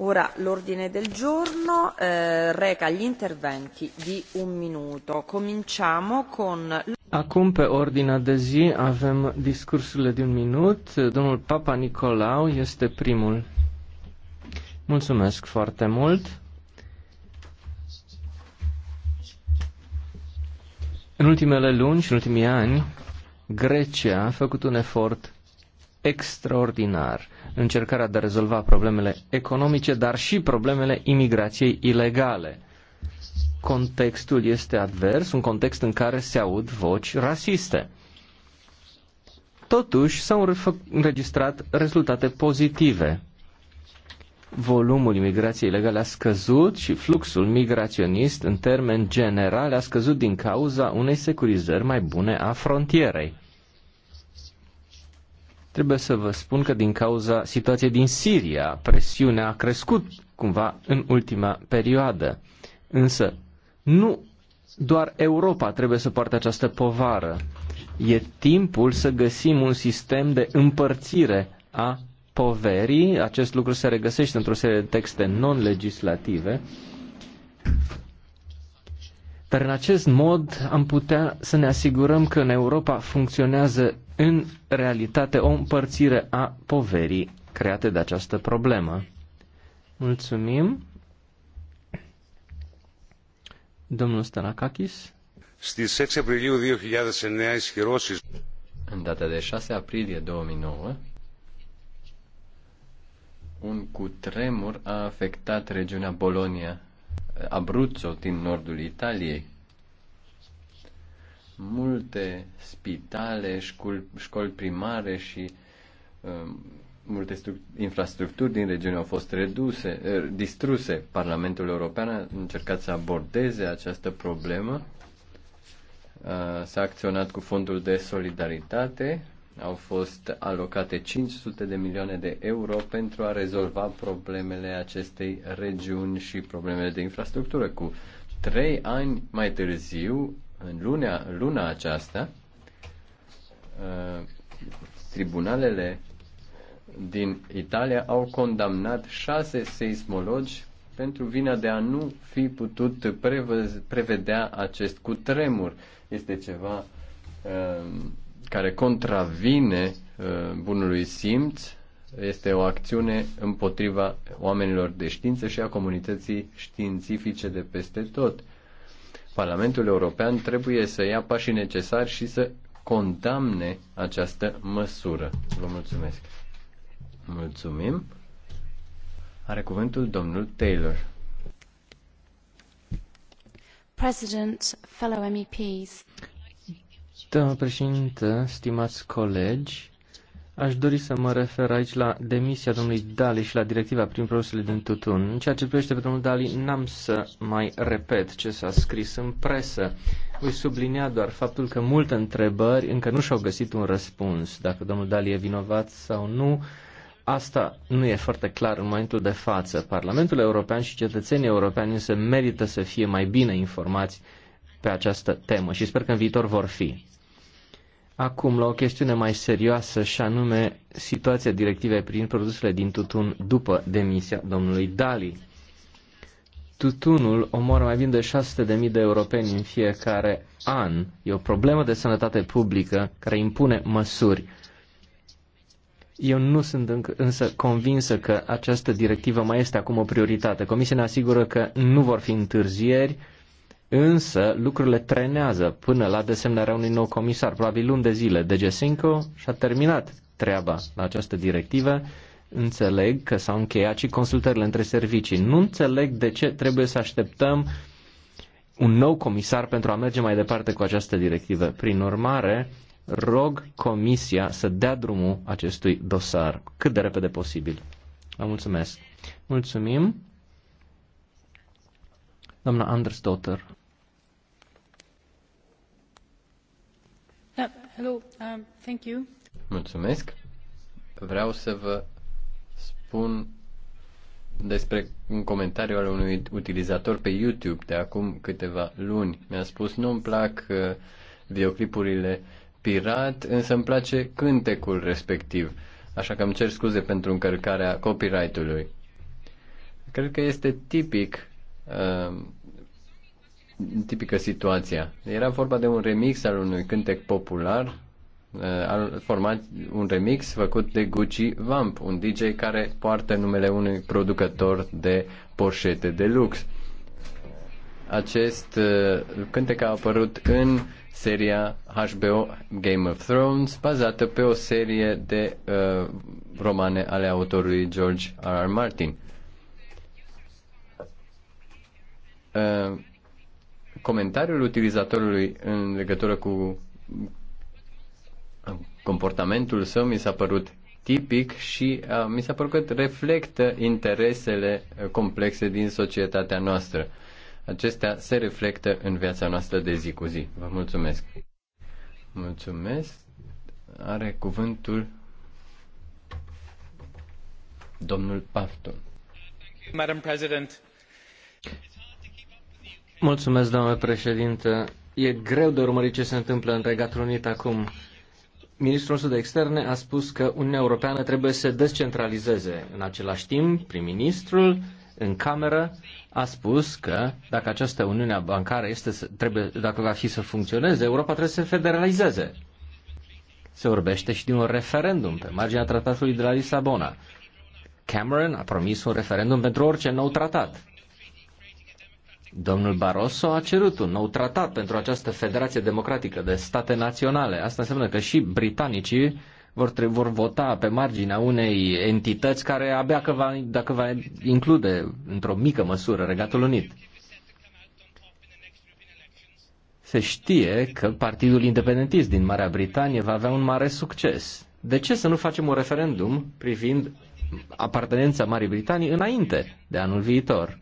Ora l'ordine del giorno eh, reca gli interventi di un minuto. Cominciamo con... Acum pe ordinea de zi avem discursurile de un minut. Domnul Papa Nicolau este primul. Mulțumesc foarte mult. În ultimele luni și în ultimii ani, Grecia a făcut un efort extraordinar încercarea de a rezolva problemele economice, dar și problemele imigrației ilegale. Contextul este advers, un context în care se aud voci rasiste. Totuși, s-au înregistrat rezultate pozitive. Volumul imigrației ilegale a scăzut și fluxul migraționist, în termen general, a scăzut din cauza unei securizări mai bune a frontierei. Trebuie să vă spun că din cauza situației din Siria, presiunea a crescut cumva în ultima perioadă. Însă, nu doar Europa trebuie să poarte această povară. E timpul să găsim un sistem de împărțire a poverii. Acest lucru se regăsește într-o serie de texte non-legislative. Dar în acest mod am putea să ne asigurăm că în Europa funcționează în realitate o împărțire a poverii create de această problemă. Mulțumim. Domnul Stanakakis. Stis 6 aprilie 2009 ισχυρώσεις... În data de 6 aprilie 2009, un cutremur a afectat regiunea Bolonia, Abruzzo, din nordul Italiei multe spitale, școli, școli primare și uh, multe infrastructuri din regiune au fost reduse, uh, distruse. Parlamentul European a încercat să abordeze această problemă. Uh, s-a acționat cu fondul de solidaritate. Au fost alocate 500 de milioane de euro pentru a rezolva problemele acestei regiuni și problemele de infrastructură. Cu trei ani mai târziu, în luna, luna aceasta, uh, tribunalele din Italia au condamnat șase seismologi pentru vina de a nu fi putut prevedea acest cutremur. Este ceva uh, care contravine uh, bunului simț, este o acțiune împotriva oamenilor de știință și a comunității științifice de peste tot. Parlamentul European trebuie să ia pașii necesari și să condamne această măsură. Vă mulțumesc. Mulțumim. Are cuvântul domnul Taylor. President, fellow MEPs. Doamna președintă, stimați colegi, Aș dori să mă refer aici la demisia domnului Dali și la directiva prin produsele din tutun. În ceea ce privește pe domnul Dali, n-am să mai repet ce s-a scris în presă. Voi sublinia doar faptul că multe întrebări încă nu și-au găsit un răspuns. Dacă domnul Dali e vinovat sau nu, asta nu e foarte clar în momentul de față. Parlamentul European și cetățenii europeni însă merită să fie mai bine informați pe această temă și sper că în viitor vor fi. Acum la o chestiune mai serioasă și anume situația directivei prin produsele din tutun după demisia domnului Dali. Tutunul omoară mai bine de 600.000 de europeni în fiecare an. E o problemă de sănătate publică care impune măsuri. Eu nu sunt însă convinsă că această directivă mai este acum o prioritate. Comisia ne asigură că nu vor fi întârzieri, Însă lucrurile trenează până la desemnarea unui nou comisar, probabil luni de zile. DG Senco și-a terminat treaba la această directivă. Înțeleg că s-au încheiat și consultările între servicii. Nu înțeleg de ce trebuie să așteptăm un nou comisar pentru a merge mai departe cu această directivă. Prin urmare, rog Comisia să dea drumul acestui dosar cât de repede posibil. Vă mulțumesc. Mulțumim. Doamna Dotter. Hello, um, thank you. Mulțumesc. Vreau să vă spun despre un comentariu al unui utilizator pe YouTube de acum câteva luni. Mi-a spus, nu-mi plac uh, videoclipurile pirat, însă îmi place cântecul respectiv. Așa că îmi cer scuze pentru încărcarea copyright-ului. Cred că este tipic uh, tipică situația. Era vorba de un remix al unui cântec popular, uh, al format un remix făcut de Gucci Vamp, un DJ care poartă numele unui producător de poșete de lux. Acest uh, cântec a apărut în seria HBO Game of Thrones, bazată pe o serie de uh, romane ale autorului George R. R. Martin. Uh, comentariul utilizatorului în legătură cu comportamentul său mi s-a părut tipic și a, mi s-a părut că reflectă interesele complexe din societatea noastră. Acestea se reflectă în viața noastră de zi cu zi. Vă mulțumesc. Mulțumesc. Are cuvântul domnul Pafton. Madam President. Mulțumesc, domnule președinte. E greu de urmărit ce se întâmplă în Regatul Unit acum. Ministrul nostru de externe a spus că Uniunea Europeană trebuie să descentralizeze. În același timp, prim-ministrul în cameră a spus că dacă această Uniune bancară este să, trebuie, dacă va fi să funcționeze, Europa trebuie să se federalizeze. Se vorbește și de un referendum pe marginea tratatului de la Lisabona. Cameron a promis un referendum pentru orice nou tratat. Domnul Barroso a cerut un nou tratat pentru această Federație Democratică de State Naționale. Asta înseamnă că și britanicii vor, vor vota pe marginea unei entități care abia că va, dacă va include într-o mică măsură Regatul Unit. Se știe că Partidul Independentist din Marea Britanie va avea un mare succes. De ce să nu facem un referendum privind apartenența Marii Britanii înainte de anul viitor?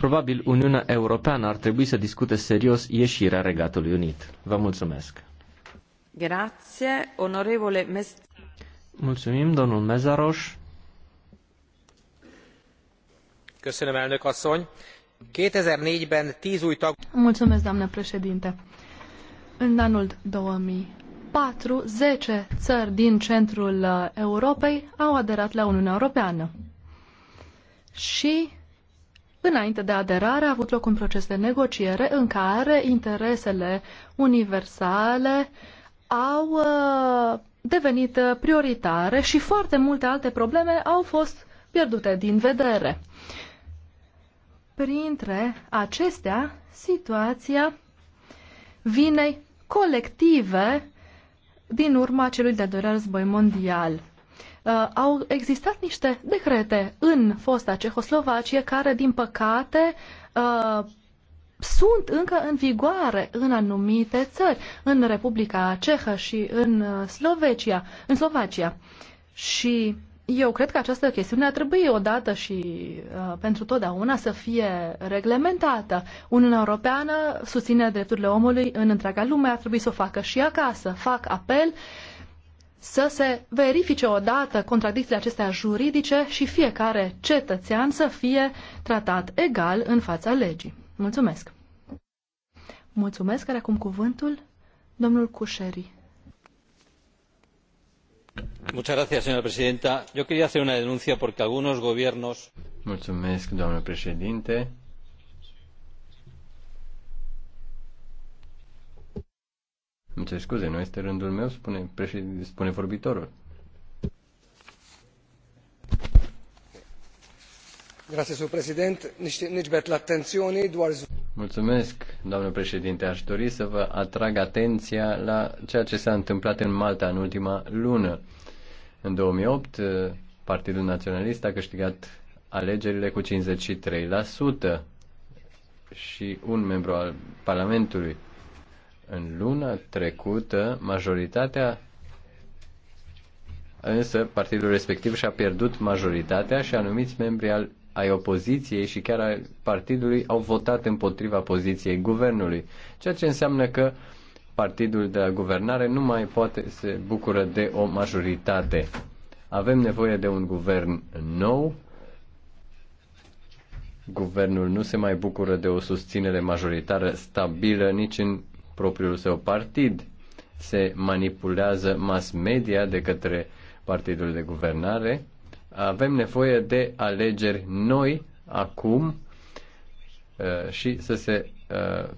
Probabil Uniunea Europeană ar trebui să discute serios ieșirea Regatului Unit. Vă mulțumesc. Grazie, onorevole Mes... Mulțumim, domnul Mezaros. Köszönöm, elnök asszony. 2004-ben 10 új tag... Mulțumesc, doamnă președinte. În anul 2000, 4, 10 țări din centrul uh, Europei au aderat la Uniunea Europeană. Și Înainte de aderare a avut loc un proces de negociere în care interesele universale au uh, devenit uh, prioritare și foarte multe alte probleme au fost pierdute din vedere. Printre acestea, situația vinei colective din urma celui de-al doilea război mondial. Uh, au existat niște decrete în fosta Cehoslovacie care, din păcate, uh, sunt încă în vigoare în anumite țări, în Republica Cehă și în uh, Slovacia. În Slovacia. Și eu cred că această chestiune ar trebui odată și uh, pentru totdeauna să fie reglementată. Uniunea Europeană susține drepturile omului în întreaga lume, ar trebui să o facă și acasă. Fac apel să se verifice odată contradicțiile acestea juridice și fiecare cetățean să fie tratat egal în fața legii. Mulțumesc! Mulțumesc, are acum cuvântul domnul Cușeri. Muchas gracias, señora presidenta. Yo quería hacer una denuncia porque algunos gobiernos. Mulțumesc, doamnă președinte Îmi cer scuze, nu este rândul meu, spune, președ... spune vorbitorul. Mulțumesc, doamnă președinte. Aș dori să vă atrag atenția la ceea ce s-a întâmplat în Malta în ultima lună. În 2008, eh, Partidul Naționalist a câștigat alegerile cu 53% și un membru al Parlamentului în luna trecută, majoritatea însă partidul respectiv și-a pierdut majoritatea și anumiți membri al, ai opoziției și chiar al partidului au votat împotriva poziției guvernului, ceea ce înseamnă că partidul de la guvernare nu mai poate se bucură de o majoritate. Avem nevoie de un guvern nou. Guvernul nu se mai bucură de o susținere majoritară stabilă nici în propriul său partid. Se manipulează mass media de către partidul de guvernare. Avem nevoie de alegeri noi acum uh, și să se uh,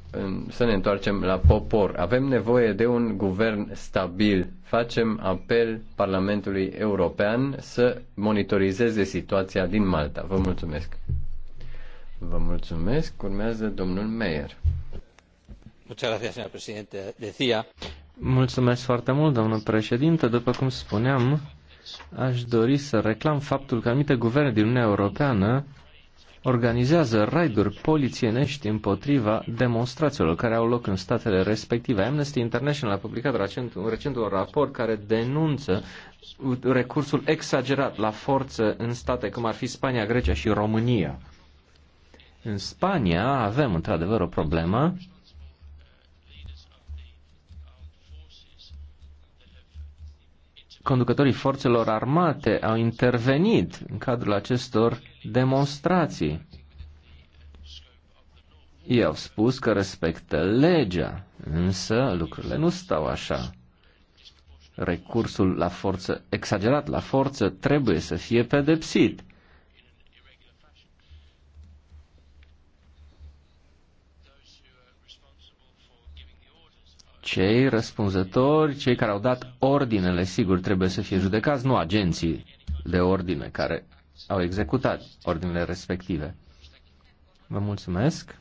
să ne întoarcem la popor. Avem nevoie de un guvern stabil. Facem apel Parlamentului European să monitorizeze situația din Malta. Vă mulțumesc. Vă mulțumesc. Urmează domnul Meyer. Mulțumesc foarte mult, domnul președinte. După cum spuneam, aș dori să reclam faptul că anumite guverne din Uniunea Europeană organizează raiduri polițienești împotriva demonstrațiilor care au loc în statele respective. Amnesty International a publicat recent, recent un raport care denunță recursul exagerat la forță în state cum ar fi Spania, Grecia și România. În Spania avem într-adevăr o problemă conducătorii forțelor armate au intervenit în cadrul acestor demonstrații. Ei au spus că respectă legea, însă lucrurile nu stau așa. Recursul la forță, exagerat la forță, trebuie să fie pedepsit. cei răspunzători, cei care au dat ordinele, sigur, trebuie să fie judecați, nu agenții de ordine care au executat ordinele respective. Vă mulțumesc.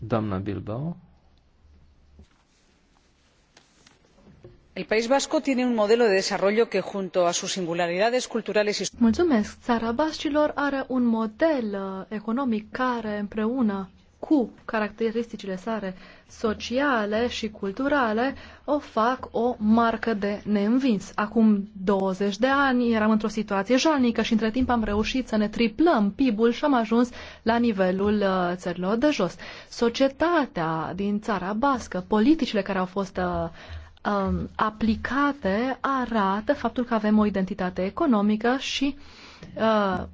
Doamna Bilbao. el país vasco tiene un modelo de desarrollo que junto a sus singularidades culturales y. Mulțumesc. Țara Bascilor are un model uh, economic care împreună cu caracteristicile sale sociale și culturale, o fac o marcă de neînvins. Acum 20 de ani eram într-o situație jalnică și între timp am reușit să ne triplăm PIB-ul și am ajuns la nivelul uh, țărilor de jos. Societatea din țara bască, politicile care au fost uh, um, aplicate arată faptul că avem o identitate economică și uh,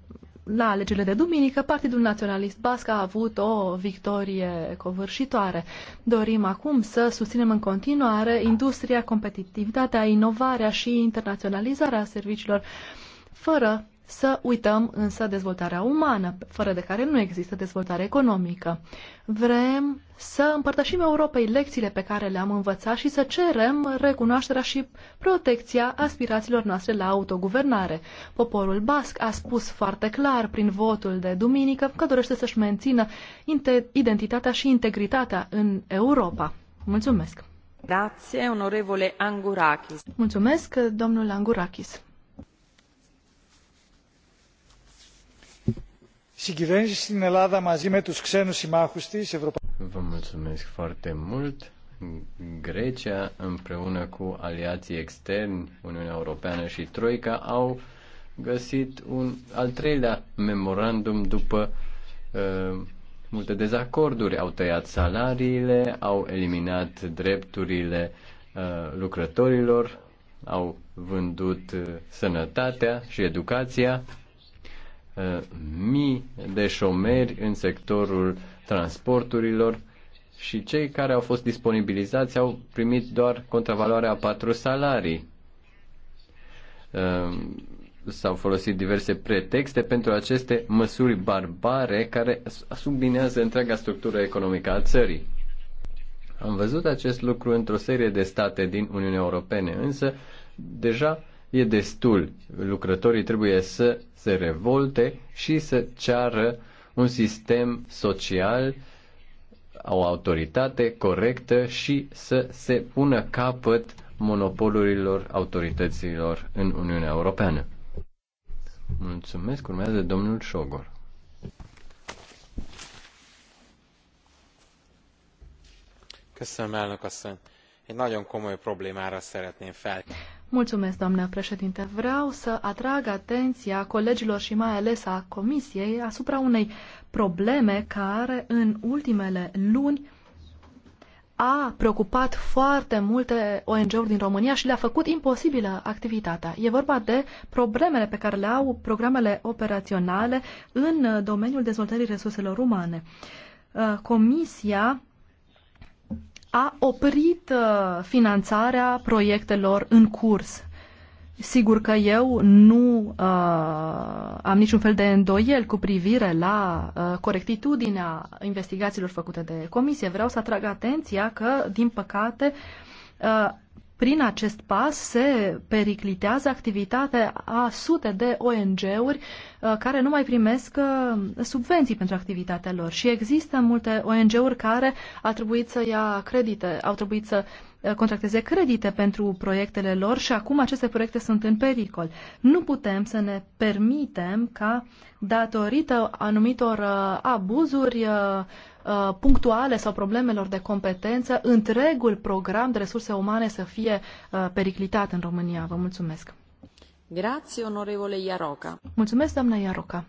la alegerile de duminică, Partidul Naționalist Basc a avut o victorie covârșitoare. Dorim acum să susținem în continuare industria, competitivitatea, inovarea și internaționalizarea serviciilor fără să uităm însă dezvoltarea umană, fără de care nu există dezvoltare economică. Vrem să împărtășim Europei lecțiile pe care le-am învățat și să cerem recunoașterea și protecția aspirațiilor noastre la autoguvernare. Poporul basc a spus foarte clar prin votul de duminică că dorește să-și mențină identitatea și integritatea în Europa. Mulțumesc! Grazie, onorevole Angurakis. Mulțumesc, domnul Angurakis. συγκυβέρνηση στην Ελλάδα μαζί με τους ξένους συμμάχους της Grecia împreună cu aliații externi, Uniunea Europeană Troica au găsit un al treilea memorandum după uh, multe dezacorduri. Au tăiat salariile, au eliminat drepturile uh, lucrătorilor, au vândut uh, sănătatea și educația Uh, mii de șomeri în sectorul transporturilor și cei care au fost disponibilizați au primit doar contravaloarea a patru salarii. Uh, s-au folosit diverse pretexte pentru aceste măsuri barbare care subminează întreaga structură economică a țării. Am văzut acest lucru într-o serie de state din Uniunea Europene, însă deja e destul. Lucrătorii trebuie să se revolte și să ceară un sistem social, o autoritate corectă și să se pună capăt monopolurilor autorităților în Uniunea Europeană. Mulțumesc. Urmează domnul Șogor. Köszönöm, elnök asszony. Egy nagyon komoly problémára szeretném felkérni. Mulțumesc, doamnă președinte. Vreau să atrag atenția colegilor și mai ales a Comisiei asupra unei probleme care în ultimele luni a preocupat foarte multe ONG-uri din România și le-a făcut imposibilă activitatea. E vorba de problemele pe care le au programele operaționale în domeniul dezvoltării resurselor umane. Uh, comisia a oprit uh, finanțarea proiectelor în curs. Sigur că eu nu uh, am niciun fel de îndoiel cu privire la uh, corectitudinea investigațiilor făcute de comisie. Vreau să atrag atenția că, din păcate, uh, prin acest pas se periclitează activitatea a sute de ONG-uri uh, care nu mai primesc uh, subvenții pentru activitatea lor. Și există multe ONG-uri care a trebuit să ia credite, au trebuit să uh, contracteze credite pentru proiectele lor și acum aceste proiecte sunt în pericol. Nu putem să ne permitem ca, datorită anumitor abuzuri, Uh, punctuale sau problemelor de competență, întregul program de resurse umane să fie uh, periclitat în România. Vă mulțumesc. Grazie, onorevole Iaroca. Mulțumesc, doamna Iaroca.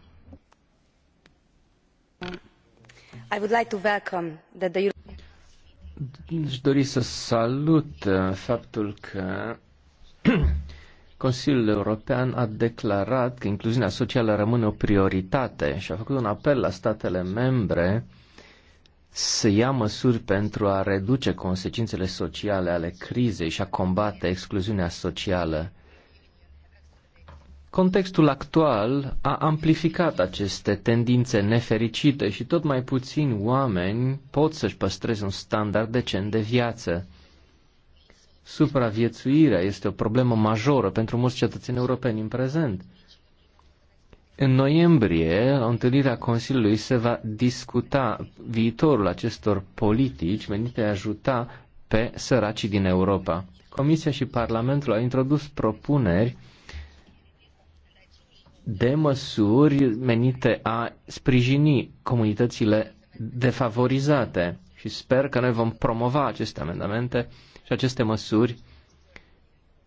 I would like to welcome the, the Aș dori să salut uh, faptul că Consiliul European a declarat că incluziunea socială rămâne o prioritate și a făcut un apel la statele membre să ia măsuri pentru a reduce consecințele sociale ale crizei și a combate excluziunea socială. Contextul actual a amplificat aceste tendințe nefericite și tot mai puțini oameni pot să-și păstreze un standard decent de viață. Supraviețuirea este o problemă majoră pentru mulți cetățeni europeni în prezent. În noiembrie, întâlnirea Consiliului se va discuta viitorul acestor politici menite a ajuta pe săracii din Europa. Comisia și Parlamentul au introdus propuneri de măsuri menite a sprijini comunitățile defavorizate și sper că noi vom promova aceste amendamente și aceste măsuri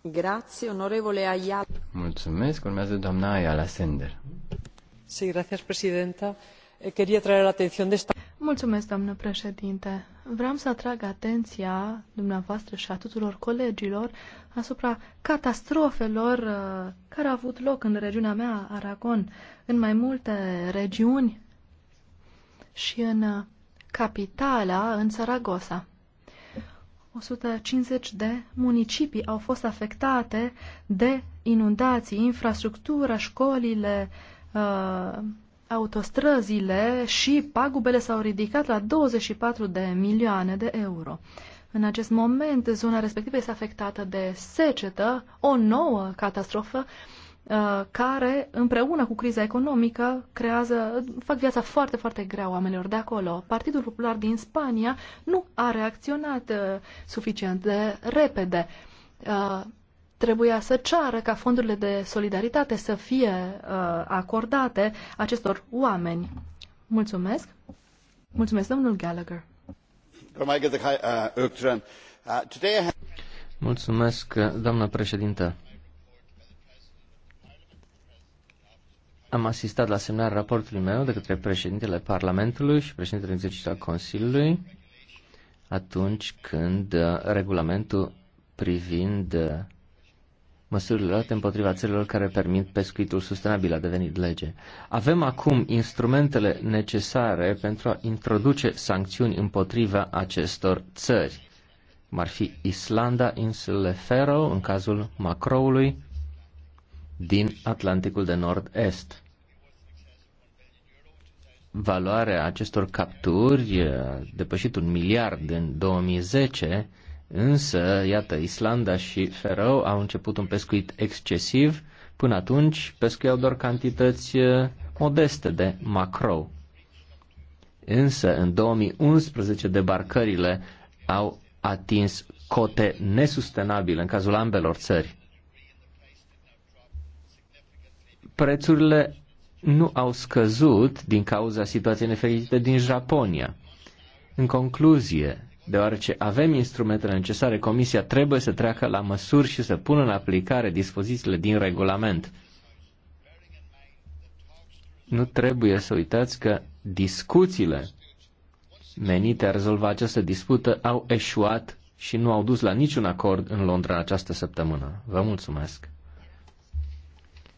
Mulțumesc, eh, Mulțumesc, doamnă președinte. Vreau să atrag atenția dumneavoastră și a tuturor colegilor asupra catastrofelor eh, care au avut loc în regiunea mea, Aragon, în mai multe regiuni și în eh, capitala, în Saragossa. 150 de municipii au fost afectate de inundații, infrastructura, școlile, uh, autostrăzile și pagubele s-au ridicat la 24 de milioane de euro. În acest moment, zona respectivă este afectată de secetă, o nouă catastrofă Uh, care, împreună cu criza economică, creează, fac viața foarte, foarte grea oamenilor de acolo. Partidul Popular din Spania nu a reacționat uh, suficient de repede. Uh, trebuia să ceară ca fondurile de solidaritate să fie acordate acestor oameni. Mulțumesc. Mulțumesc, domnul Gallagher. Mulțumesc, doamnă președintă. Am asistat la semnarea raportului meu de către președintele Parlamentului și președintele exercițiu al Consiliului atunci când uh, regulamentul privind uh, măsurile luate împotriva țărilor care permit pescuitul sustenabil a devenit lege. Avem acum instrumentele necesare pentru a introduce sancțiuni împotriva acestor țări, cum ar fi Islanda, insulele Fero, în cazul Macroului, din Atlanticul de Nord-Est. Valoarea acestor capturi a eh, depășit un miliard în 2010, însă, iată, Islanda și Ferău au început un pescuit excesiv. Până atunci, pescuiau doar cantități eh, modeste de macro. Însă, în 2011, debarcările au atins cote nesustenabile în cazul ambelor țări. prețurile nu au scăzut din cauza situației nefericite din Japonia. În concluzie, deoarece avem instrumentele necesare, Comisia trebuie să treacă la măsuri și să pună în aplicare dispozițiile din regulament. Nu trebuie să uitați că discuțiile menite a rezolva această dispută au eșuat și nu au dus la niciun acord în Londra această săptămână. Vă mulțumesc!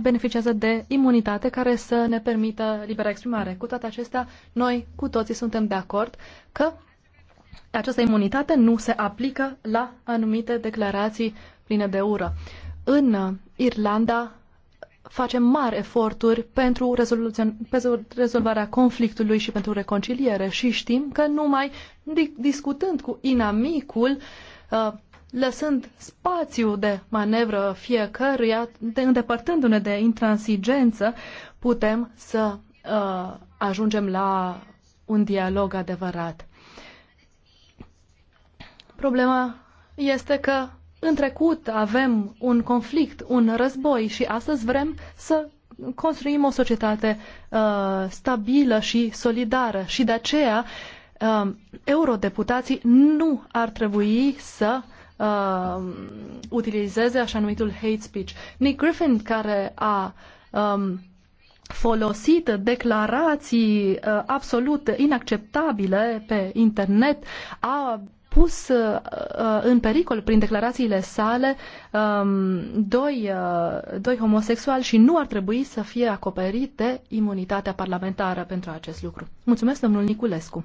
beneficiază de imunitate care să ne permită libera exprimare. Cu toate acestea, noi cu toții suntem de acord că această imunitate nu se aplică la anumite declarații pline de ură. În Irlanda facem mari eforturi pentru, pentru rezolvarea conflictului și pentru reconciliere și știm că numai discutând cu inamicul uh, lăsând spațiu de manevră fiecăruia, de, îndepărtându-ne de intransigență, putem să uh, ajungem la un dialog adevărat. Problema este că în trecut avem un conflict, un război și astăzi vrem să construim o societate uh, stabilă și solidară și de aceea uh, eurodeputații nu ar trebui să uh, utilizeze așa numitul hate speech. Nick Griffin, care a um, folosit declarații uh, absolut inacceptabile pe internet, a pus uh, uh, în pericol prin declarațiile sale um, doi, uh, doi homosexuali și nu ar trebui să fie acoperit de imunitatea parlamentară pentru acest lucru. Mulțumesc, domnul Niculescu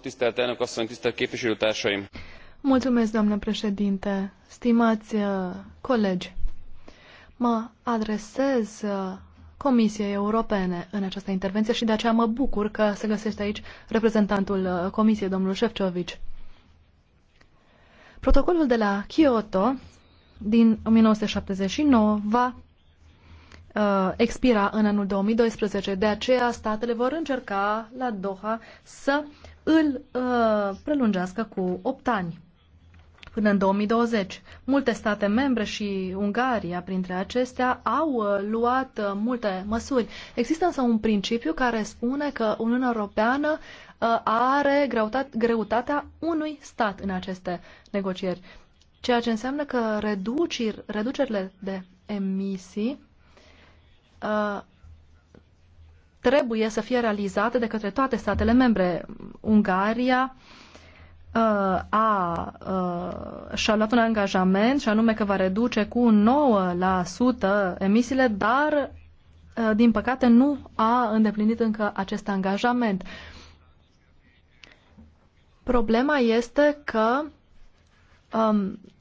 tisztelt elnök asszony tisztelt képviselőtársaim! Mulțumesc, doamnă președinte, stimați uh, colegi. Mă adresez uh, Comisiei Europene în această intervenție și de aceea mă bucur că se găsește aici reprezentantul uh, Comisiei, domnul Șefcovici. Protocolul de la Kyoto din 1979 va uh, expira în anul 2012. De aceea, statele vor încerca la Doha să îl uh, prelungească cu 8 ani până în 2020. Multe state membre și Ungaria, printre acestea, au uh, luat uh, multe măsuri. Există însă un principiu care spune că Uniunea Europeană uh, are greutatea unui stat în aceste negocieri, ceea ce înseamnă că reduceri, reducerile de emisii Uh, trebuie să fie realizate de către toate statele membre. Ungaria uh, a, uh, și-a luat un angajament și anume că va reduce cu 9% emisiile, dar uh, din păcate nu a îndeplinit încă acest angajament. Problema este că um,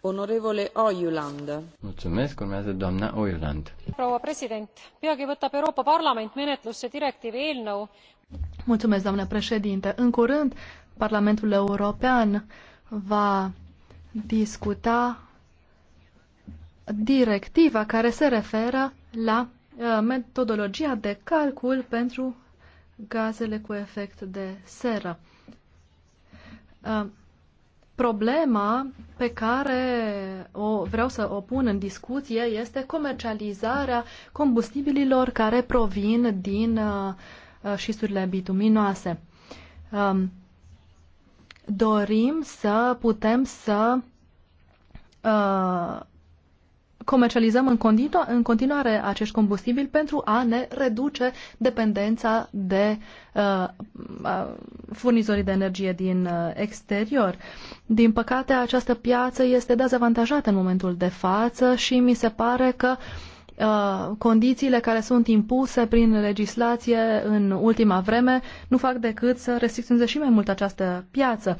Onorevole Ojuland. Mulțumesc, urmează doamna Ojuland. Proua president, peagi võtab Euroopa Parlament menetlusse direktiivi eelnõu. Mulțumesc, doamna președinte. În curând, Parlamentul European va discuta directiva care se referă la uh, metodologia de calcul pentru gazele cu efect de seră. Uh, Problema pe care o vreau să o pun în discuție este comercializarea combustibililor care provin din uh, uh șisturile bituminoase. Um, dorim să putem să uh, comercializăm în, continu- în continuare acești combustibili pentru a ne reduce dependența de uh, uh, furnizorii de energie din uh, exterior. Din păcate, această piață este dezavantajată în momentul de față și mi se pare că uh, condițiile care sunt impuse prin legislație în ultima vreme nu fac decât să restricționeze și mai mult această piață.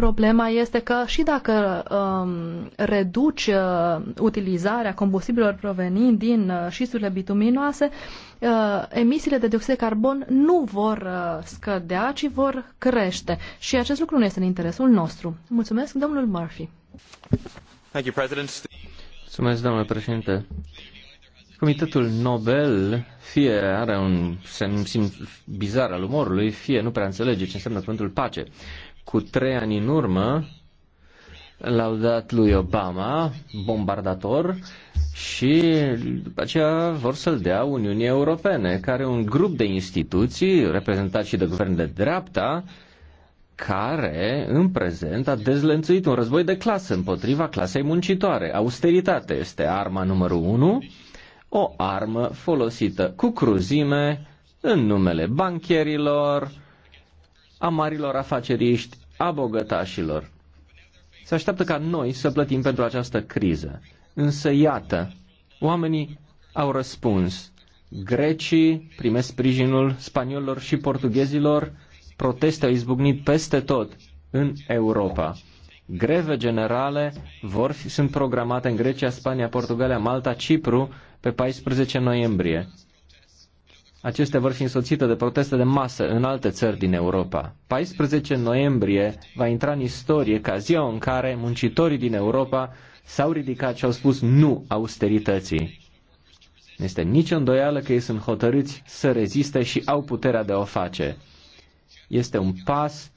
Problema este că și dacă um, reduci uh, utilizarea combustibilor provenind din uh, șisturile bituminoase, uh, emisiile de dioxid de carbon nu vor uh, scădea, ci vor crește. Și acest lucru nu este în interesul nostru. Mulțumesc, domnul Murphy. Thank you, President. Mulțumesc, domnule președinte. Comitetul Nobel fie are un semn, bizar al umorului, fie nu prea înțelege ce înseamnă cuvântul pace cu trei ani în urmă l-au dat lui Obama, bombardator, și după aceea vor să-l dea Uniunii Europene, care un grup de instituții, reprezentat și de guvern de dreapta, care în prezent a dezlănțuit un război de clasă împotriva clasei muncitoare. Austeritatea este arma numărul unu, o armă folosită cu cruzime în numele bancherilor, a marilor afaceriști a bogătașilor. Se așteaptă ca noi să plătim pentru această criză. Însă, iată, oamenii au răspuns. Grecii primesc sprijinul spaniolilor și portughezilor. Proteste au izbucnit peste tot în Europa. Greve generale vor fi, sunt programate în Grecia, Spania, Portugalia, Malta, Cipru pe 14 noiembrie. Acestea vor fi însoțite de proteste de masă în alte țări din Europa. 14 noiembrie va intra în istorie ca ziua în care muncitorii din Europa s-au ridicat și au spus nu austerității. Nu este nicio îndoială că ei sunt hotărâți să reziste și au puterea de a o face. Este un pas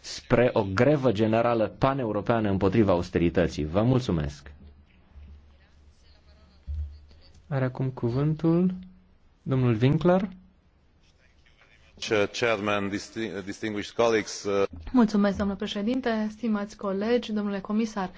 spre o grevă generală paneuropeană împotriva austerității. Vă mulțumesc! Are acum cuvântul Domnul Winkler. Uh, Mulțumesc, domnule președinte, stimați colegi, domnule comisar.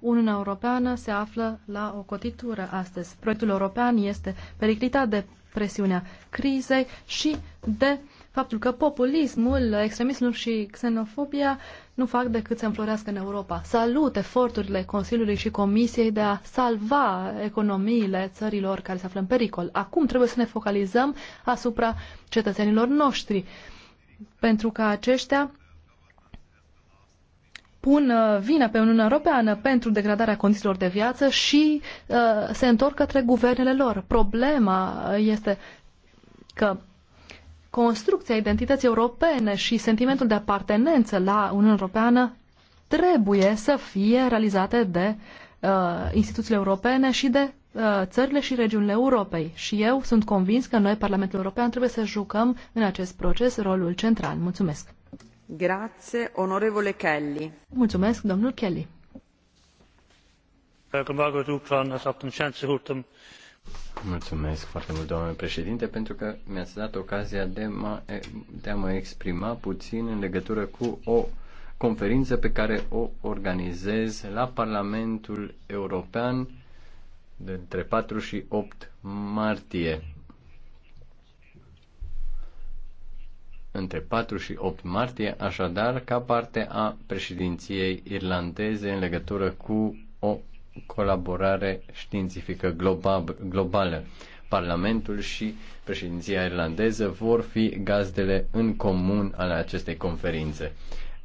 Uniunea Europeană se află la o cotitură astăzi. Proiectul european este periclitat de presiunea crizei și de faptul că populismul, extremismul și xenofobia nu fac decât să înflorească în Europa. Salut eforturile Consiliului și Comisiei de a salva economiile țărilor care se află în pericol. Acum trebuie să ne focalizăm asupra cetățenilor noștri, pentru că aceștia pun vina pe Uniunea Europeană pentru degradarea condițiilor de viață și uh, se întorc către guvernele lor. Problema este că construcția identității europene și sentimentul de apartenență la Uniunea Europeană trebuie să fie realizate de uh, instituțiile europene și de uh, țările și regiunile Europei. Și eu sunt convins că noi, Parlamentul European, trebuie să jucăm în acest proces rolul central. Mulțumesc! Grazie, onorevole Kelly. Mulțumesc, domnul Kelly. Mulțumesc foarte mult, domnule președinte, pentru că mi-ați dat ocazia de, ma, de a mă exprima puțin în legătură cu o conferință pe care o organizez la Parlamentul European de între 4 și 8 martie. Între 4 și 8 martie, așadar, ca parte a președinției irlandeze în legătură cu o colaborare științifică globală. Parlamentul și președinția irlandeză vor fi gazdele în comun ale acestei conferințe.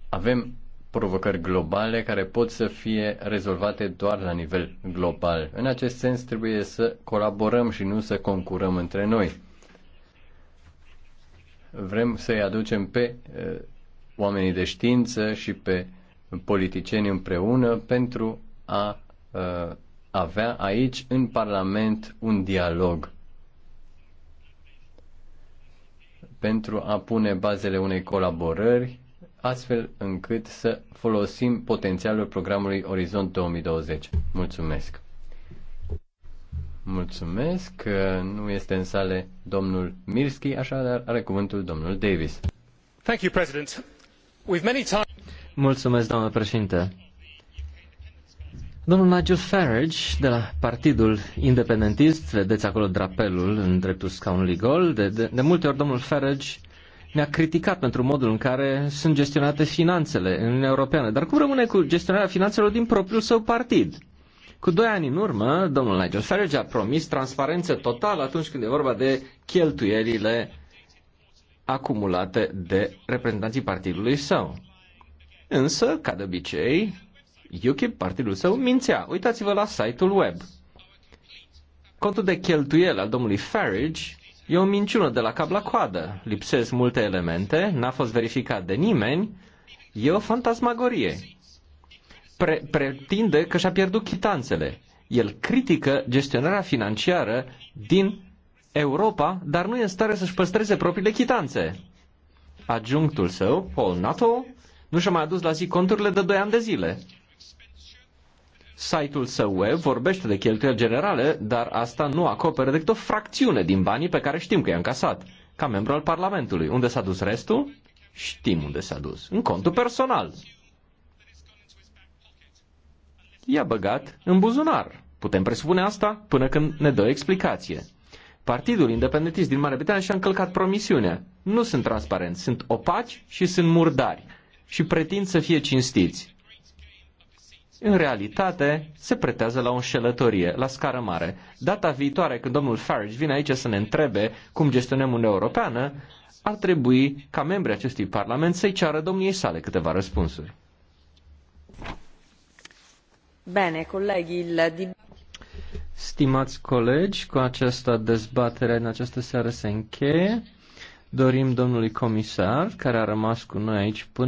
Avem provocări globale care pot să fie rezolvate doar la nivel global. În acest sens trebuie să colaborăm și nu să concurăm între noi. Vrem să-i aducem pe eh, oamenii de știință și pe politicieni împreună pentru a uh, avea aici în Parlament un dialog pentru a pune bazele unei colaborări, astfel încât să folosim potențialul programului Orizont 2020. Mulțumesc! Mulțumesc că nu este în sale domnul Mirski, așadar are cuvântul domnul Davis. Thank you, President. We've many time... Mulțumesc, doamnă președinte. Domnul Nigel Farage, de la Partidul Independentist, vedeți acolo drapelul în dreptul scaunului gol, de, de, de multe ori domnul Farage ne-a criticat pentru modul în care sunt gestionate finanțele în Uniunea Europeană. Dar cum rămâne cu gestionarea finanțelor din propriul său partid? Cu doi ani în urmă, domnul Nigel Farage a promis transparență totală atunci când e vorba de cheltuielile acumulate de reprezentanții partidului său. Însă, ca de obicei, UKIP, partidul său, mințea. Uitați-vă la site-ul web. Contul de cheltuiel al domnului Farage e o minciună de la cap la coadă. Lipsesc multe elemente, n-a fost verificat de nimeni, e o fantasmagorie. Pre- pretinde că și-a pierdut chitanțele. El critică gestionarea financiară din Europa, dar nu e în stare să-și păstreze propriile chitanțe. Adjunctul său, Paul Nato nu și-a mai adus la zi conturile de 2 ani de zile site-ul său web vorbește de cheltuieli generale, dar asta nu acoperă decât o fracțiune din banii pe care știm că i a casat, ca membru al Parlamentului. Unde s-a dus restul? Știm unde s-a dus. În contul personal. I-a băgat în buzunar. Putem presupune asta până când ne dă o explicație. Partidul independentist din Marea Britanie și-a încălcat promisiunea. Nu sunt transparenți, sunt opaci și sunt murdari. Și pretind să fie cinstiți în realitate se pretează la o înșelătorie, la scară mare. Data viitoare, când domnul Farage vine aici să ne întrebe cum gestionăm Uniunea Europeană, ar trebui ca membrii acestui Parlament să-i ceară domniei sale câteva răspunsuri. Bine, colegi, il... Stimați colegi, cu această dezbatere în această seară se încheie. Dorim domnului comisar, care a rămas cu noi aici până